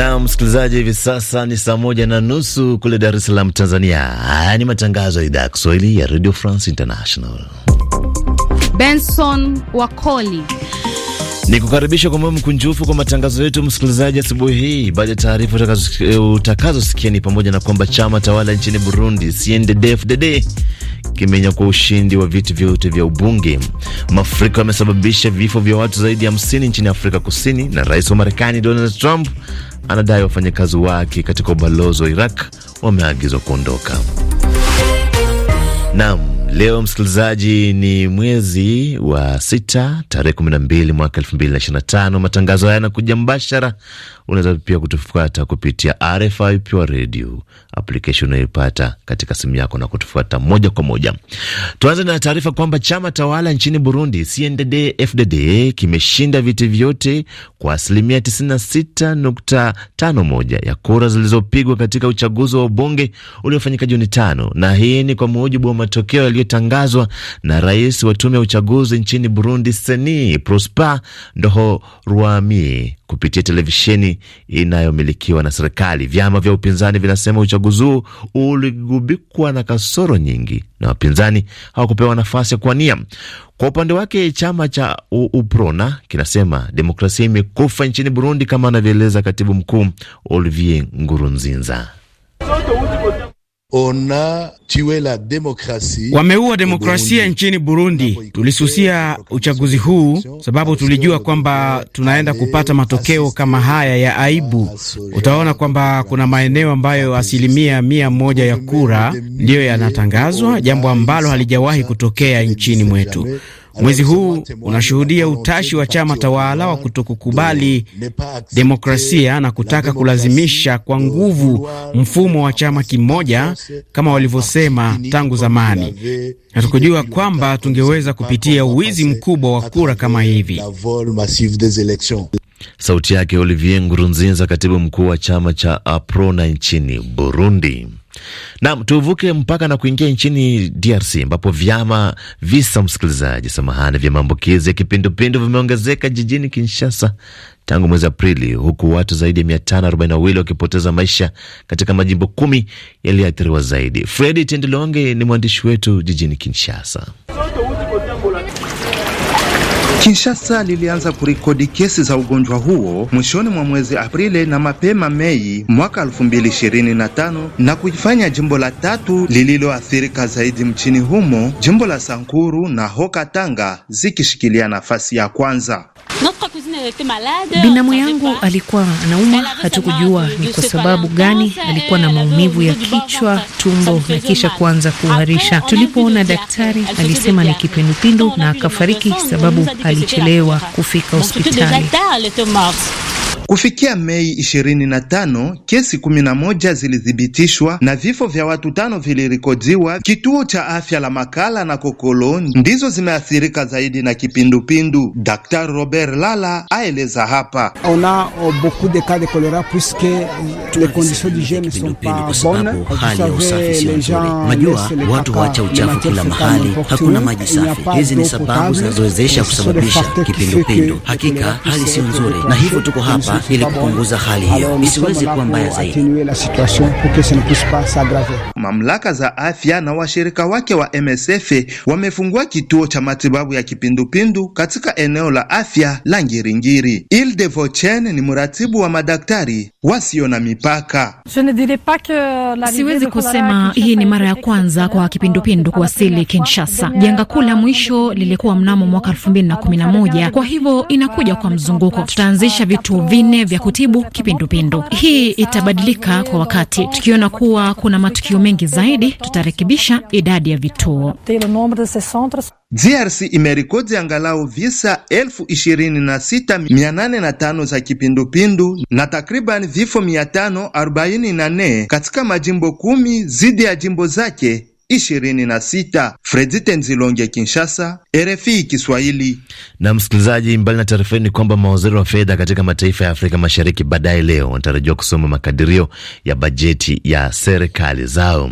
Na msikilizaji, hivi sasa ni saa moja na nusu kule Dar es Salaam, Tanzania. Haya ni matangazo ya idhaa ya Kiswahili ya Radio France International. Benson Wakoli ni kukaribisha kwa moyo mkunjufu kwa matangazo yetu msikilizaji asubuhi hii. Baada ya taarifa utakazosikia ni pamoja na kwamba chama tawala nchini Burundi CNDD-FDD ukimenya kwa ushindi wa viti vyote vya ubunge. Mafuriko yamesababisha vifo vya watu zaidi ya hamsini nchini Afrika Kusini, na rais wa Marekani Donald Trump anadai wafanyakazi wake katika ubalozi wa Iraq wameagizwa kuondoka. Naam. Leo msikilizaji, ni mwezi wa sita tarehe 12 mwaka 2025. Matangazo haya yanakuja mbashara Unaweza pia kutufuata kupitia RFI Pure Radio application unayoipata katika simu yako na kutufuata moja kwa moja. Tuanze na taarifa kwamba chama tawala nchini Burundi CNDD FDD kimeshinda viti vyote kwa asilimia 96.51 ya kura zilizopigwa katika uchaguzi wa ubunge uliofanyika Juni tano, na hii ni kwa mujibu wa matokeo yaliyotangazwa na rais wa tume ya uchaguzi nchini Burundi seni Prosper Ndohoruami kupitia televisheni inayomilikiwa na serikali. Vyama vya upinzani vinasema uchaguzi huu uligubikwa na kasoro nyingi na wapinzani hawakupewa nafasi ya kuwania. Kwa upande wake, chama cha UPRONA kinasema demokrasia imekufa nchini Burundi, kama anavyoeleza katibu mkuu Olivier Ngurunzinza. Ona tuwe la demokrasi. Wameua demokrasia nchini Burundi. Tulisusia uchaguzi huu sababu tulijua kwamba tunaenda kupata matokeo kama haya ya aibu. Utaona kwamba kuna maeneo ambayo asilimia mia moja ya kura ndiyo yanatangazwa, jambo ambalo halijawahi kutokea nchini mwetu. Mwezi huu unashuhudia utashi wa chama tawala wa kutokukubali demokrasia na kutaka kulazimisha kwa nguvu mfumo wa chama kimoja kama walivyosema tangu zamani. Hatukujua kwamba tungeweza kupitia uwizi mkubwa wa kura kama hivi. Sauti yake Olivier Ngurunziza, katibu mkuu wa chama cha Aprona nchini Burundi. Nam, tuvuke mpaka na kuingia nchini DRC ambapo vyama visa, msikilizaji, samahani, vya maambukizi ya kipindupindu vimeongezeka jijini Kinshasa tangu mwezi Aprili, huku watu zaidi ya 542 wakipoteza maisha katika majimbo kumi yaliyoathiriwa zaidi. Fredi Tendilonge ni mwandishi wetu jijini Kinshasa. Kinshasa lilianza kurekodi kesi za ugonjwa huo mwishoni mwa mwezi Aprili na mapema Mei mwaka 2025 na kuifanya jimbo la tatu lililoathirika zaidi mchini humo, jimbo la Sankuru na hoka tanga zikishikilia nafasi ya kwanza. Binamu yangu alikuwa anaumwa, hatukujua ni kwa sababu gani. Alikuwa na maumivu ya kichwa, tumbo na kisha kuanza kuharisha. Tulipoona daktari alisema ni kipindupindu na akafariki sababu alichelewa kufika hospitali. Kufikia Mei 25, kesi 11 zilithibitishwa na vifo vya watu tano vilirikodiwa. Kituo cha afya la Makala na Kokolo ndizo zimeathirika zaidi na kipindupindu. Dr. Robert Lala aeleza hapa. Euh, Najua watu waacha uchafu kila mahali, hakuna maji safi. Hizi ni sababu zinazowezesha kusababisha kipindupindu. Hakika hali sio nzuri, na hivyo tuko hapa ili kupunguza hali hiyo isiweze kuwa mbaya zaidi. Mamlaka za afya na washirika wake wa MSF wamefungua kituo cha matibabu ya kipindupindu katika eneo la afya la Ngiringiri. de Vochen ni mratibu wa madaktari wasio na mipaka. Siwezi kusema hii ni mara ya kwanza kwa kipindupindu kuwasili Kinshasa. Janga kuu la mwisho lilikuwa mnamo mwaka 2011 kwa hivyo inakuja kwa mzunguko. Tutaanzisha vituo vinne vinne vya kutibu kipindupindu. Hii itabadilika kwa wakati. Tukiona kuwa kuna matukio mengi zaidi, tutarekebisha idadi ya vituo. DRC imerekodi angalau visa elfu za kipindupindu na takriban vifo 544 katika majimbo kumi zidi ya jimbo zake ishirini na sita. Fredi Tenzilonge, Kinshasa, RFI Kiswahili. Na msikilizaji, mbali na taarifa hii ni kwamba mawaziri wa fedha katika mataifa ya Afrika Mashariki baadaye leo wanatarajiwa kusoma makadirio ya bajeti ya serikali zao.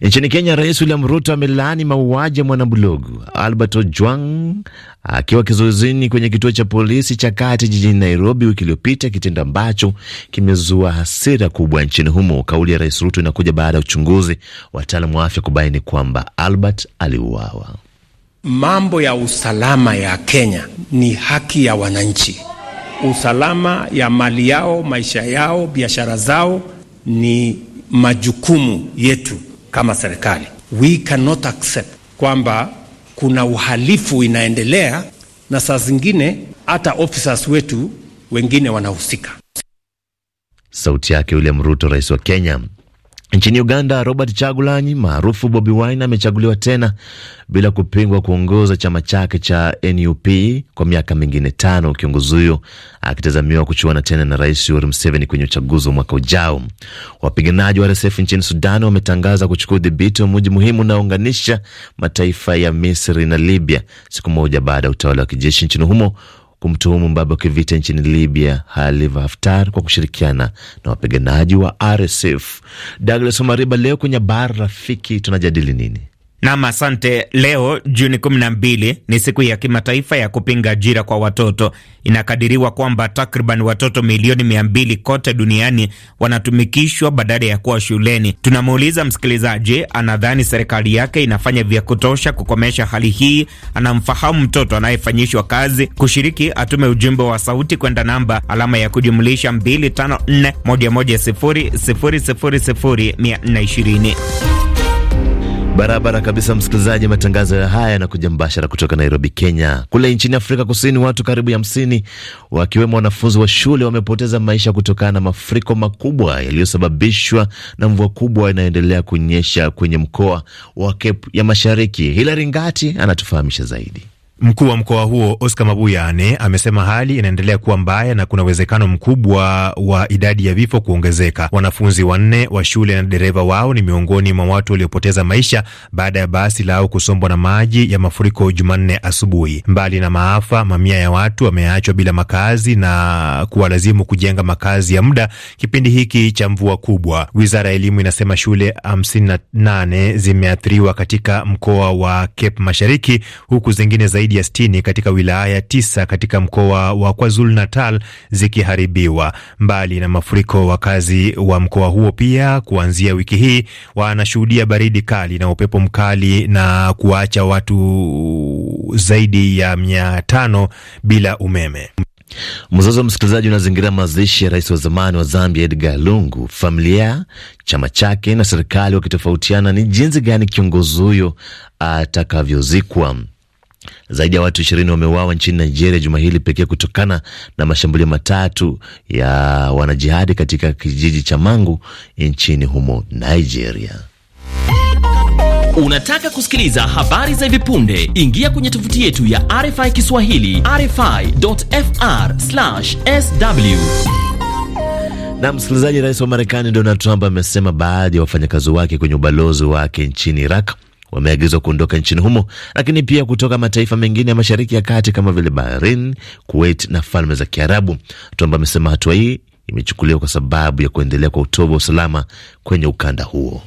Nchini Kenya, Rais William Ruto amelaani mauaji ya mwanablogu Albert Ojwang akiwa kizuizini kwenye kituo cha polisi cha kati jijini Nairobi wiki iliyopita, kitendo ambacho kimezua hasira kubwa nchini humo. Kauli ya Rais Ruto inakuja baada ya uchunguzi wataalamu wa afya kubaini kwamba Albert aliuawa. Mambo ya usalama ya Kenya ni haki ya wananchi. Usalama ya mali yao, maisha yao, biashara zao ni majukumu yetu kama serikali. We cannot accept kwamba kuna uhalifu inaendelea, na saa zingine hata officers wetu wengine wanahusika. Sauti yake William Ruto, rais wa Kenya. Nchini Uganda, Robert Chagulanyi maarufu Bobi Wine amechaguliwa tena bila kupingwa kuongoza chama chake cha NUP kwa miaka mingine tano, kiongozi huyo akitazamiwa kuchuana tena na Rais Yoweri Museveni kwenye uchaguzi wa mwaka ujao. Wapiganaji wa RSF nchini Sudan wametangaza kuchukua udhibiti wa mji muhimu unaounganisha mataifa ya Misri na Libya, siku moja baada ya utawala wa kijeshi nchini humo kumtuhumu mbaba wa kivita nchini Libya Khalifa Haftar kwa kushirikiana na wapiganaji wa RSF. Douglas Omariba, leo kwenye Bara Rafiki tunajadili nini? Nam, asante. Leo Juni 12 ni siku ya kimataifa ya kupinga ajira kwa watoto. Inakadiriwa kwamba takriban watoto milioni 200 kote duniani wanatumikishwa badala ya kuwa shuleni. Tunamuuliza msikilizaji, anadhani serikali yake inafanya vya kutosha kukomesha hali hii? Anamfahamu mtoto anayefanyishwa kazi? Kushiriki, atume ujumbe wa sauti kwenda namba alama ya kujumlisha 2541100000420. Barabara kabisa, msikilizaji. Matangazo ya haya yanakuja mbashara kutoka Nairobi, Kenya. Kule nchini Afrika Kusini, watu karibu hamsini wakiwemo wanafunzi wa shule wamepoteza maisha kutokana na mafuriko makubwa yaliyosababishwa na mvua kubwa inayoendelea kunyesha kwenye mkoa wa Cape ya Mashariki. Hilari Ngati anatufahamisha zaidi. Mkuu wa mkoa huo Oscar Mabuyane amesema hali inaendelea kuwa mbaya na kuna uwezekano mkubwa wa idadi ya vifo kuongezeka. Wanafunzi wanne wa shule na dereva wao ni miongoni mwa watu waliopoteza maisha baada ya basi lao kusombwa na maji ya mafuriko Jumanne asubuhi. Mbali na maafa, mamia ya watu wameachwa bila makazi na kuwalazimu kujenga makazi ya muda kipindi hiki cha mvua kubwa. Wizara ya elimu inasema shule 58 zimeathiriwa katika mkoa wa Cape Mashariki, huku zingine zaidi zaidi ya sitini katika wilaya tisa katika mkoa wa KwaZulu Natal zikiharibiwa. Mbali na mafuriko, wakazi wa mkoa huo pia kuanzia wiki hii wanashuhudia baridi kali na upepo mkali na kuacha watu zaidi ya mia tano bila umeme. Mzozo wa msikilizaji unazingira mazishi ya rais wa zamani wa Zambia Edgar Lungu, familia, chama chake na serikali wakitofautiana ni jinsi gani kiongozi huyo atakavyozikwa. Zaidi ya watu ishirini wameuawa nchini Nigeria juma hili pekee kutokana na mashambulio matatu ya wanajihadi katika kijiji cha Mangu nchini humo Nigeria. Unataka kusikiliza habari za hivi punde? Ingia kwenye tovuti yetu ya RFI Kiswahili, rfi.fr/sw. Na msikilizaji, rais wa Marekani Donald Trump amesema baadhi ya wafanyakazi wake kwenye ubalozi wake nchini Iraq wameagizwa kuondoka nchini humo, lakini pia kutoka mataifa mengine ya Mashariki ya Kati kama vile Bahrain, Kuwait na Falme za Kiarabu. tuamba amesema hatua hii imechukuliwa kwa sababu ya kuendelea kwa utovu wa usalama kwenye ukanda huo.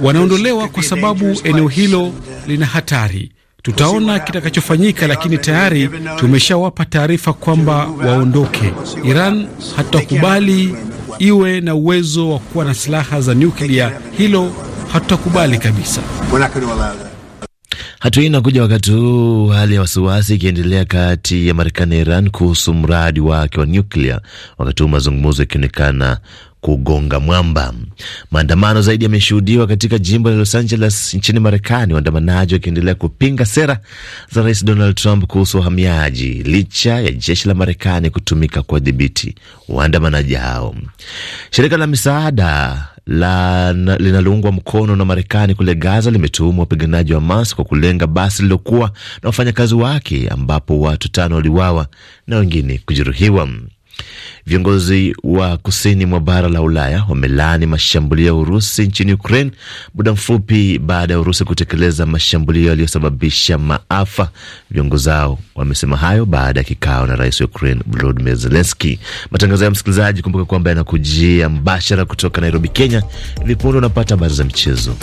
Wanaondolewa kwa sababu eneo hilo uh, lina hatari. Tutaona kitakachofanyika, lakini tayari tumeshawapa taarifa kwamba waondoke. Iran hatutakubali iwe na uwezo wa kuwa na silaha za nyuklia. Hilo hatutakubali kabisa. Hatua hii inakuja wakati huu hali ya wasiwasi ikiendelea kati ya Marekani na Iran kuhusu mradi wake wa nyuklia, wakati huu mazungumzo yakionekana kugonga mwamba. Maandamano zaidi yameshuhudiwa katika jimbo la Los Angeles nchini Marekani, waandamanaji wakiendelea kupinga sera za Rais Donald Trump kuhusu uhamiaji licha ya jeshi la Marekani kutumika kuwadhibiti waandamanaji hao. Shirika la misaada linaloungwa mkono na Marekani kule Gaza limetuhumu wapiganaji wa Hamas kwa kulenga basi lililokuwa na wafanyakazi wake ambapo watu tano waliuawa na wengine kujeruhiwa. Viongozi wa kusini mwa bara la Ulaya wamelaani mashambulio ya Urusi nchini Ukraine muda mfupi baada ya Urusi kutekeleza mashambulio yaliyosababisha maafa. Viongozi hao wamesema hayo baada ya kikao na rais wa Ukraine Volodymyr Zelensky. Matangazo ya msikilizaji, kumbuka kwamba yanakujia mbashara kutoka Nairobi, Kenya. Hivi punde unapata habari za michezo.